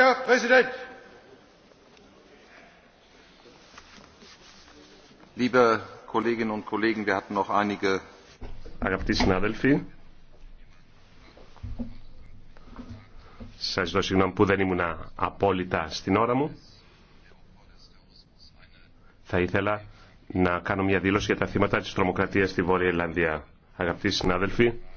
Herr Präsident! Liebe Kolleginnen und Kollegen, wir hatten noch einige. Αγαπητοί συνάδελφοι, σας ζητώ συγγνώμη που δεν ήμουν απόλυτα στην ώρα μου. Θα ήθελα να κάνω μια δήλωση για τα θύματα της τρομοκρατίας στη Βόρεια Ιρλανδία. Αγαπητοί συνάδελφοι,